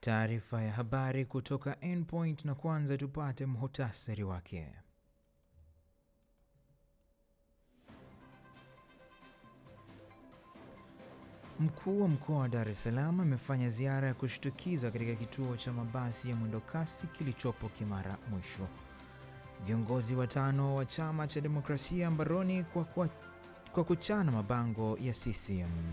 Taarifa ya habari kutoka nPoint na kwanza tupate muhtasari wake. Mkuu wa mkoa wa Dar es Salaam amefanya ziara ya kushtukiza katika kituo cha mabasi ya mwendokasi kilichopo Kimara Mwisho. Viongozi watano wa Chama cha Demokrasia mbaroni kwa, kwa, kwa kuchana mabango ya CCM.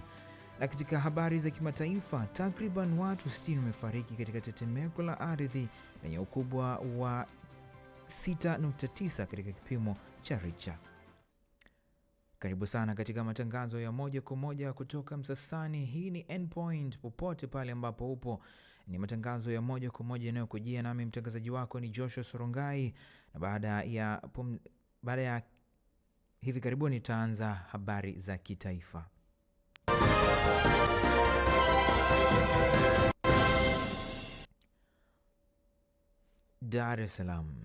Na katika habari za kimataifa, takriban watu 60 wamefariki katika tetemeko la ardhi lenye ukubwa wa 6.9 katika kipimo cha Richter. Karibu sana katika matangazo ya moja kwa moja kutoka Msasani. Hii ni nPoint, popote pale ambapo upo, ni matangazo ya moja kwa moja yanayokujia, nami mtangazaji wako ni Joshua Sorongai, na baada ya, pum, baada ya hivi karibuni taanza habari za kitaifa. Dar es Salaam.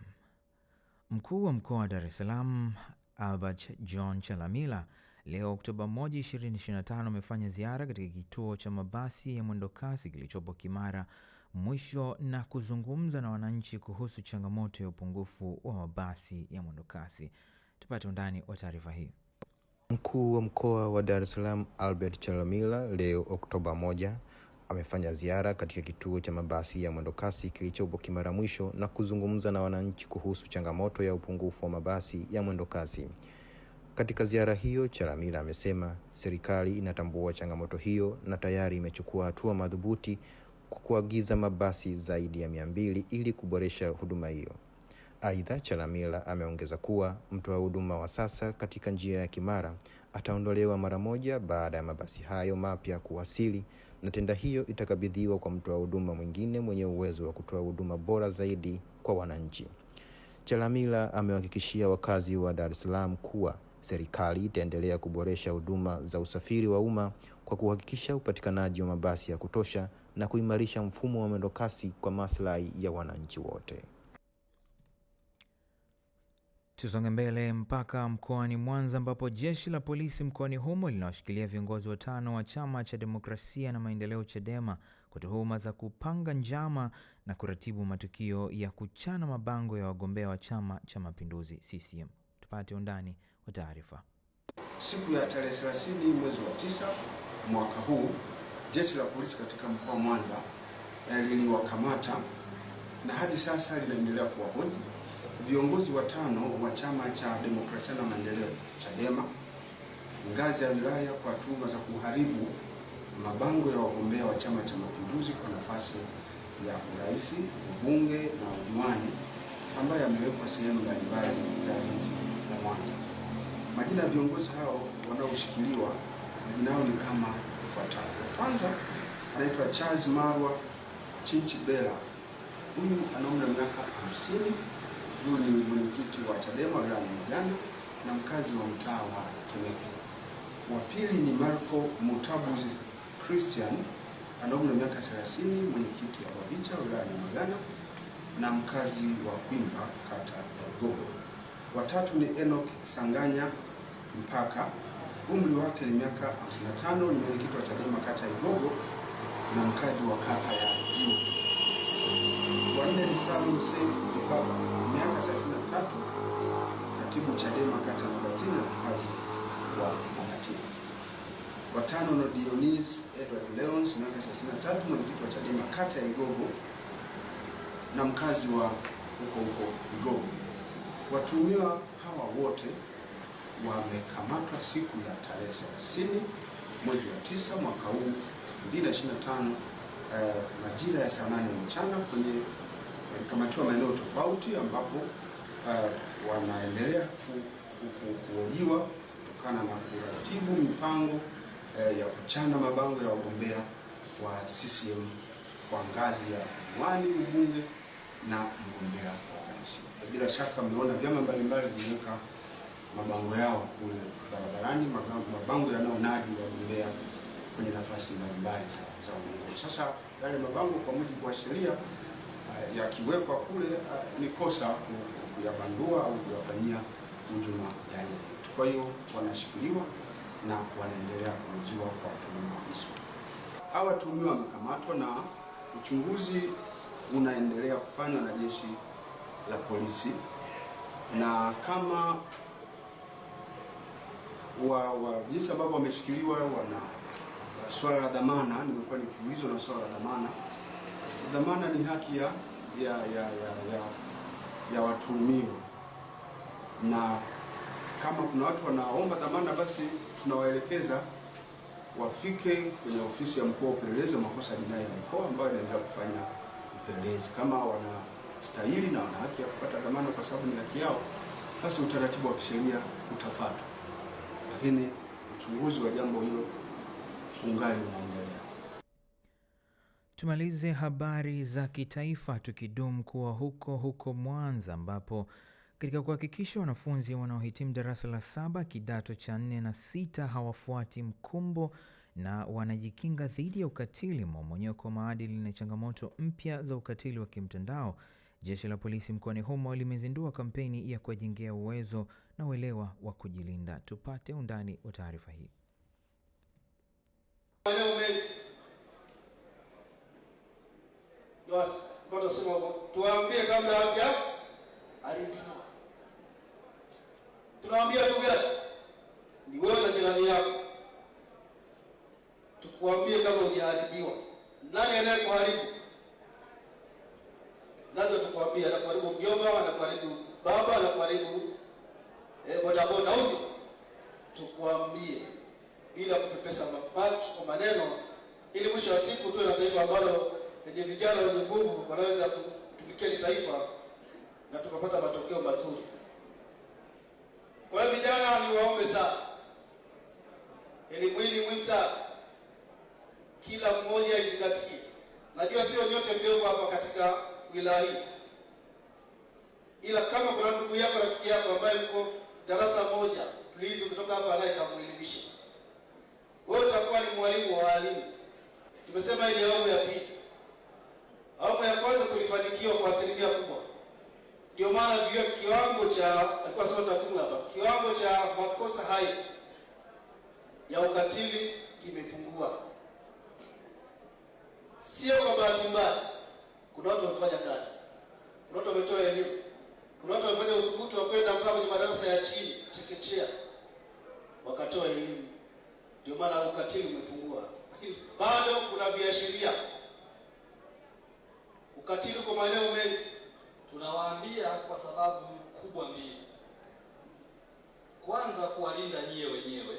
Mkuu wa mkoa wa Dar es Salaam Albert John Chalamila leo Oktoba 1, 2025 amefanya ziara katika kituo cha mabasi ya mwendokasi kilichopo Kimara mwisho na kuzungumza na wananchi kuhusu changamoto ya upungufu wa mabasi ya mwendokasi. Tupate undani wa taarifa hii. Mkuu wa Mkoa wa Dar es Salaam Albert Chalamila leo Oktoba 1 amefanya ziara katika kituo cha mabasi ya mwendokasi kilichopo Kimara Mwisho na kuzungumza na wananchi kuhusu changamoto ya upungufu wa mabasi ya mwendokasi. Katika ziara hiyo, Chalamila amesema serikali inatambua changamoto hiyo na tayari imechukua hatua madhubuti kwa kuagiza mabasi zaidi ya mia mbili ili kuboresha huduma hiyo. Aidha, Chalamila ameongeza kuwa mtoa huduma wa sasa katika njia ya Kimara ataondolewa mara moja baada ya mabasi hayo mapya kuwasili na tenda hiyo itakabidhiwa kwa mtoa huduma mwingine mwenye uwezo wa kutoa huduma bora zaidi kwa wananchi. Chalamila amewahakikishia wakazi wa Dar es Salaam kuwa serikali itaendelea kuboresha huduma za usafiri wa umma kwa kuhakikisha upatikanaji wa mabasi ya kutosha na kuimarisha mfumo wa mwendokasi kwa maslahi ya wananchi wote. Tusonge mbele mpaka mkoani Mwanza ambapo jeshi la polisi mkoani humo linawashikilia viongozi watano wa chama cha demokrasia na maendeleo CHADEMA kwa tuhuma za kupanga njama na kuratibu matukio ya kuchana mabango ya wagombea wa Chama cha Mapinduzi CCM. Tupate undani wa taarifa. Siku ya tarehe 30 mwezi wa tisa mwaka huu, jeshi la polisi katika mkoa wa Mwanza eh, liliwakamata na hadi sasa linaendelea kuwahoji viongozi watano wa Chama cha Demokrasia na Maendeleo CHADEMA ngazi ya wilaya kwa tuhuma za kuharibu mabango ya wagombea wa Chama cha Mapinduzi kwa nafasi ya urais, ubunge na udiwani ambayo yamewekwa sehemu mbalimbali za jiji la Mwanza. Majina ya viongozi hao wanaoshikiliwa, majina yao ni kama ifuatavyo. Kwanza anaitwa Charles Marwa Chinchibela, huyu ana umri wa miaka hamsini Huyu ni mwenyekiti wa Chadema wilaya ya Nyamagana na mkazi wa mtaa wa Temeke. Wa pili ni Marco Mutabuzi Christian ana umri wa miaka 30, mwenyekiti wa wavicha wilaya ya Nyamagana na mkazi wa Kwimba kata ya Igogo. Watatu ni Enoch Sanganya Mpaka, umri wake ni miaka 55, ni mwenyekiti wa Chadema kata ya Igogo na mkazi wa kata ya Jiwe. Wanne ni Samu Seif Lipapa, miaka 33, katibu Chadema kata ya Mabatini na mkazi wa Mabatini. Watano ni Dionis Edward Leons, miaka 33, mwenyekiti wa Chadema kata ya Igogo na mkazi wa huko huko Igogo. Watuhumiwa hawa wote wamekamatwa siku ya tarehe 30 mwezi wa 9 mwaka huu 2025 Uh, eh, majira ya saa mchana kwenye walikamatiwa maeneo tofauti ambapo uh, wanaendelea kuhojiwa kutokana na kuratibu mipango uh, ya kuchana mabango ya wagombea wa CCM kwa ngazi ya diwani, ubunge na mgombea wa urais. Bila shaka mmeona vyama mbalimbali vimeweka mabango yao kule barabarani, mabango yanayonadi wagombea kwenye nafasi mbalimbali za uongozi. Sasa yale mabango kwa mujibu wa sheria Eh, yakiwekwa kule eh, ni kosa kuyabandua au kuyafanyia hujuma ya aina yetu. Kwa hiyo wanashikiliwa na wanaendelea kuhojiwa kwa tuhuma hizo. Hawa watuhumiwa wamekamatwa na uchunguzi unaendelea kufanywa na jeshi la polisi, na kama wa, wa jinsi ambavyo wameshikiliwa, wana eh, swala la dhamana, nimekuwa nikiulizwa na swala la dhamana dhamana ni haki ya ya ya ya, ya watuhumiwa, na kama kuna watu wanaomba dhamana, basi tunawaelekeza wafike kwenye ofisi ya mkuu wa upelelezi wa makosa jinai ya mkoa ambayo inaendelea kufanya upelelezi. Kama wanastahili na wana haki ya kupata dhamana kwa sababu ni haki yao, basi utaratibu wa kisheria utafuatwa, lakini uchunguzi wa jambo hilo ungali unaendelea. Tumalize habari za kitaifa tukidum kuwa huko huko Mwanza ambapo katika kuhakikisha wanafunzi wanaohitimu darasa la saba kidato cha nne na sita hawafuati mkumbo na wanajikinga dhidi ya ukatili, mmomonyoko wa maadili na changamoto mpya za ukatili wa kimtandao, jeshi la polisi mkoani humo limezindua kampeni ya kuwajengea uwezo na uelewa wa kujilinda. Tupate undani wa taarifa hii. tunasema tuwaambie kabla haja haribiwa. Tunawaambia ndugu yako ni wewe na jirani yako, tukuambie kabla hujaharibiwa. Nani anayekuharibu? Lazima tukwambie, anakuharibu mjomba, anakuharibu baba, anakuharibu eh, bodaboda, au si? bila kupepesa mapato kwa maneno, ili mwisho wa siku tuwe na taifa ambalo lenye vijana wenye nguvu wanaweza kutumikia ni taifa na tukapata matokeo mazuri. Kwa hiyo vijana, niwaombe sana, elimu hii ni muhimu sana, kila mmoja aizingatie. Najua sio nyote mdogo hapa katika wilaya hii, ila kama kuna ndugu yako, rafiki yako ambaye mko darasa moja, please kutoka hapa naye kamuelimisha. Wewe utakuwa ni mwalimu wa walimu. Tumesema hii awamu ya pili. tunatoa takwimu hapa, kiwango cha makosa hayo ya ukatili kimepungua, sio kwa bahati mbaya. Kuna watu wamefanya kazi, kuna watu wametoa elimu, kuna watu wamefanya udhubutu wa kwenda mpaka kwenye madarasa ya chini chekechea, wakatoa elimu, ndio maana ukatili umepungua. Lakini bado kuna viashiria ukatili kwa maeneo mengi, tunawaambia kwa sababu kubwa mbili kwanza kuwalinda nyie wenyewe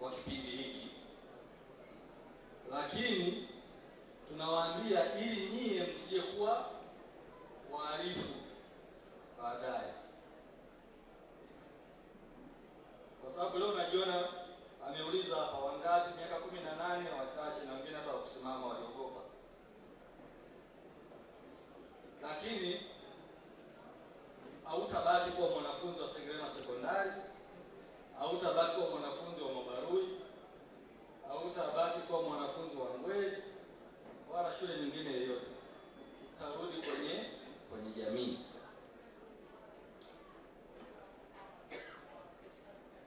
kwa kipindi hiki, lakini tunawaambia ili nyie msije kuwa wahalifu baadaye, kwa sababu leo najiona ameuliza hapa wangapi miaka kumi na nane wachache, na wengine hata wakusimama waliogopa, lakini hautabaki kuwa hautabaki kuwa mwanafunzi wa Mabarui, hautabaki kuwa mwanafunzi wa Ngweli wala shule nyingine yoyote, utarudi kwenye kwenye jamii.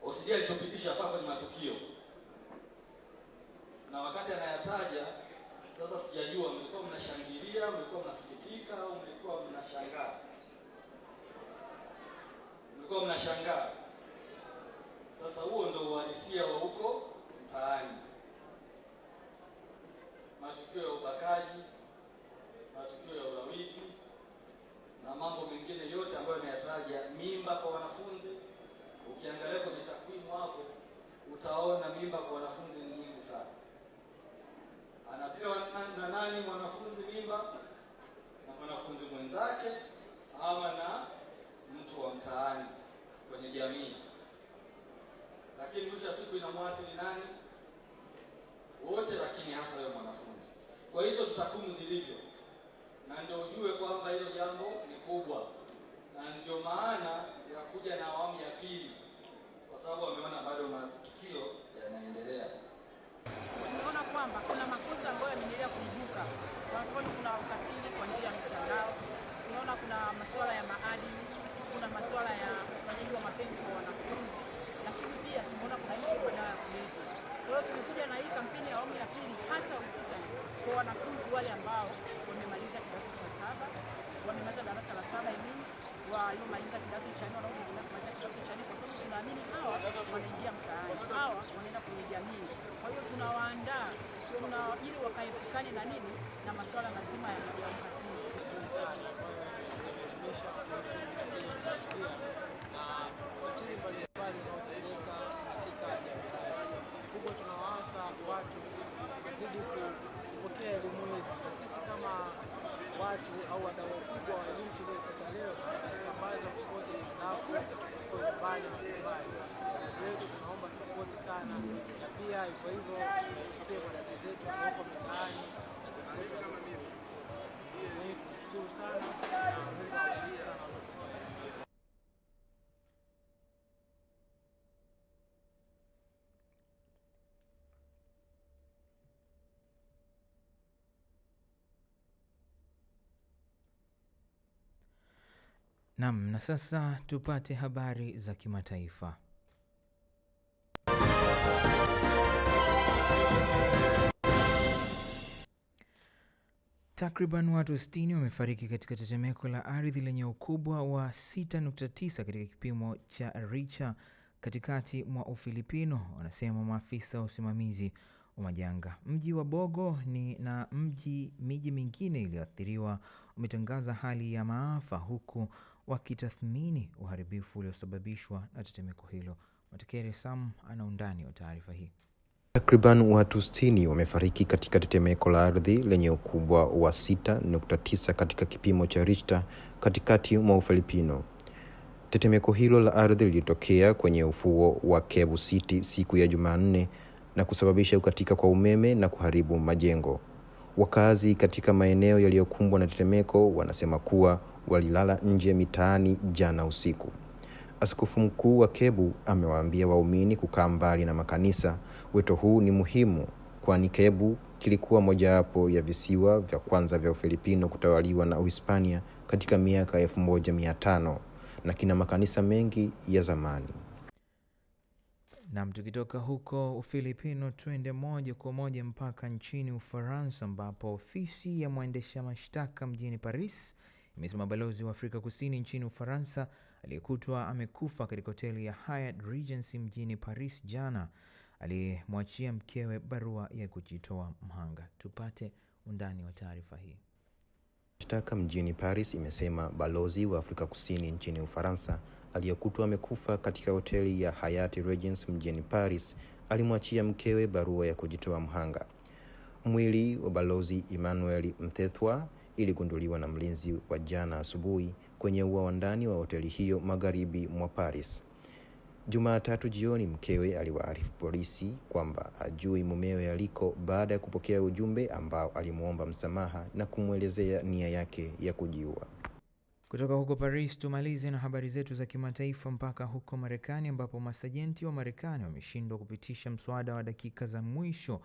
Osijia alichopitisha hapa kwenye matukio na wakati anayataja sasa, sijajua mlikuwa mnashangilia, mlikuwa mnasikitika au mlikuwa mnashangaa, mlikuwa mnashangaa sasa huo ndio uhalisia wa huko mtaani, matukio ya ubakaji, matukio ya ulawiti na mambo mengine yote ambayo nimeyataja, mimba kwa wanafunzi. Ukiangalia kwenye takwimu hapo utaona mimba kwa wanafunzi ni nyingi sana. Anapewa na nani mwanafunzi mimba? Na mwanafunzi mwenzake ama na mtu wa mtaani kwenye jamii lakini mwisho wa siku inamwathiri nani? Wote, lakini hasa wewe mwanafunzi. Kwa hizo tutakumu zilivyo, na ndio ujue kwamba hilo jambo ni kubwa, na ndio maana ya kuja na awamu ya pili, kwa sababu wameona bado matukio yanaendelea. Tumeona kwamba kuna makosa ambayo yameendelea kuibuka, kwa mfano kuna ukatili kwa njia ya mtandao, tunaona kuna masuala ya maadili, kuna masuala ya ufanyaji wa mapenzi kwa tumeona kunaishi ishu kwa dawa ya kulevya. Kwa hiyo tumekuja na hii kampeni ya awamu ya pili, hasa hususan kwa wanafunzi wale ambao wamemaliza kidato cha saba, wamemaliza darasa la saba elimu waliomaliza kidato cha nne wanaotegemea kumaliza kidato cha nne, kwa sababu tunaamini hawa wanaingia mtaani, hawa wanaenda kwenye jamii. Kwa hiyo tunawaandaa tuna ili wakaepukane na nini na masuala mazima ya ukatili. Kwa hivyo pia kwa dada zetu mitaani, sana. Nam, na sasa tupate habari za kimataifa. Takriban watu 60 wamefariki katika tetemeko la ardhi lenye ukubwa wa 6.9 katika kipimo cha Richter katikati mwa Ufilipino, wanasema maafisa wa usimamizi wa majanga. Mji wa Bogo ni na mji miji mingine iliyoathiriwa umetangaza hali ya maafa huku wakitathmini uharibifu uliosababishwa na tetemeko hilo. Matekere Sam ana undani wa taarifa hii. Takriban watu 60 wamefariki katika tetemeko la ardhi lenye ukubwa wa 6.9 katika kipimo cha Richter katikati mwa Ufilipino. Tetemeko hilo la ardhi lilitokea kwenye ufuo wa Cebu City siku ya Jumanne na kusababisha kukatika kwa umeme na kuharibu majengo. Wakazi katika maeneo yaliyokumbwa na tetemeko wanasema kuwa walilala nje mitaani jana usiku. Askofu mkuu wa Cebu amewaambia waumini kukaa mbali na makanisa Wito huu ni muhimu kwani Cebu kilikuwa mojawapo ya visiwa vya kwanza vya Ufilipino kutawaliwa na Uhispania katika miaka elfu moja mia tano na kina makanisa mengi ya zamani. Nam, tukitoka huko Ufilipino twende moja kwa moja mpaka nchini Ufaransa, ambapo ofisi ya mwendesha mashtaka mjini Paris imesema balozi wa Afrika Kusini nchini Ufaransa aliyekutwa amekufa katika hoteli ya Hyatt Regency mjini Paris jana alimwachia mkewe barua ya kujitoa mhanga. Tupate undani wa taarifa hii. Mashtaka mjini Paris imesema balozi wa Afrika Kusini nchini Ufaransa aliyekutwa amekufa katika hoteli ya hayati Regency mjini Paris alimwachia mkewe barua ya kujitoa mhanga. Mwili wa balozi Emmanuel Mthethwa iligunduliwa na mlinzi wa jana asubuhi kwenye ua wa ndani wa hoteli hiyo magharibi mwa Paris. Jumatatu jioni mkewe aliwaarifu polisi kwamba hajui mumewe aliko baada ya kupokea ujumbe ambao alimwomba msamaha na kumwelezea nia yake ya kujiua. Kutoka huko Paris tumalize na habari zetu za kimataifa mpaka huko Marekani ambapo masajenti wa Marekani wameshindwa kupitisha mswada wa dakika za mwisho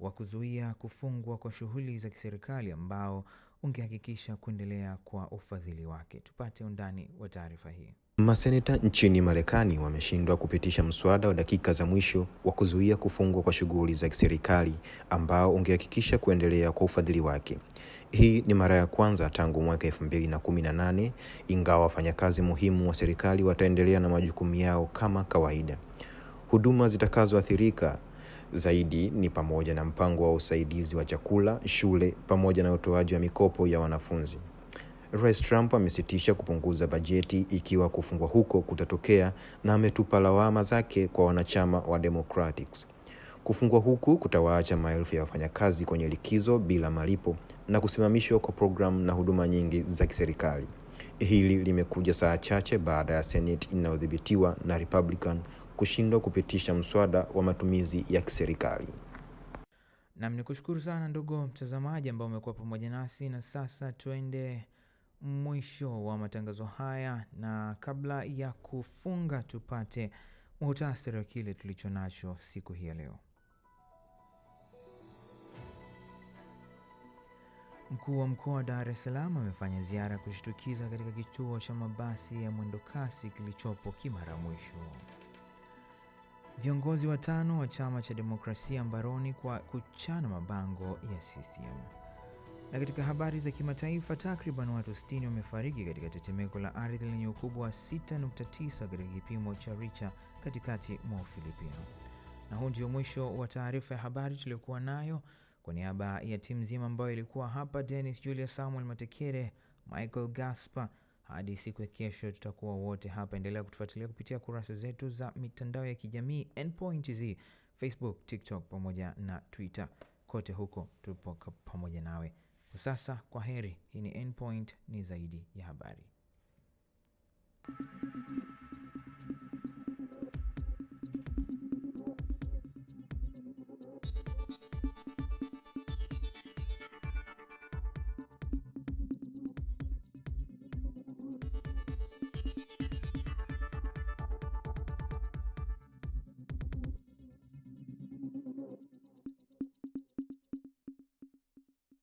wa kuzuia kufungwa kwa shughuli za kiserikali ambao ungehakikisha kuendelea kwa ufadhili wake. Tupate undani wa taarifa hii. Maseneta nchini Marekani wameshindwa kupitisha mswada wa dakika za mwisho wa kuzuia kufungwa kwa shughuli za kiserikali ambao ungehakikisha kuendelea kwa ufadhili wake. Hii ni mara ya kwanza tangu mwaka elfu mbili na kumi na nane ingawa wafanyakazi muhimu wa serikali wataendelea na majukumu yao kama kawaida. Huduma zitakazoathirika zaidi ni pamoja na mpango wa usaidizi wa chakula, shule pamoja na utoaji wa mikopo ya wanafunzi. Rais Trump amesitisha kupunguza bajeti ikiwa kufungwa huko kutatokea na ametupa lawama zake kwa wanachama wa Democrats. Kufungwa huku kutawaacha maelfu ya wafanyakazi kwenye likizo bila malipo na kusimamishwa kwa programu na huduma nyingi za kiserikali. Hili limekuja saa chache baada ya Senate inayodhibitiwa na Republican kushindwa kupitisha mswada wa matumizi ya kiserikali. Nam, ni kushukuru sana ndugu mtazamaji ambao umekuwa pamoja nasi, na sasa tuende mwisho wa matangazo haya, na kabla ya kufunga tupate muhtasari wa kile tulicho nacho siku hii ya leo. Mkuu wa mkoa wa Dar es Salaam amefanya ziara ya kushtukiza katika kituo cha mabasi ya mwendokasi kilichopo kimara Mwisho. Viongozi watano wa chama cha demokrasia mbaroni kwa kuchana mabango ya CCM. Na katika habari za kimataifa, takriban watu 60 wamefariki katika tetemeko la ardhi lenye ukubwa wa 6.9 katika kipimo cha Richter katikati mwa Ufilipino. Na huu ndio mwisho wa taarifa ya habari tuliyokuwa nayo. Kwa niaba ya timu nzima ambayo ilikuwa hapa, Dennis Julius, Samuel Matekere, Michael Gaspar hadi siku ya kesho tutakuwa wote hapa. Endelea kutufuatilia kupitia kurasa zetu za mitandao ya kijamii nPoint TZ, Facebook, TikTok pamoja na Twitter. Kote huko tupo pamoja nawe. Kwa sasa, kwa heri. Hii ni nPoint, ni zaidi ya habari.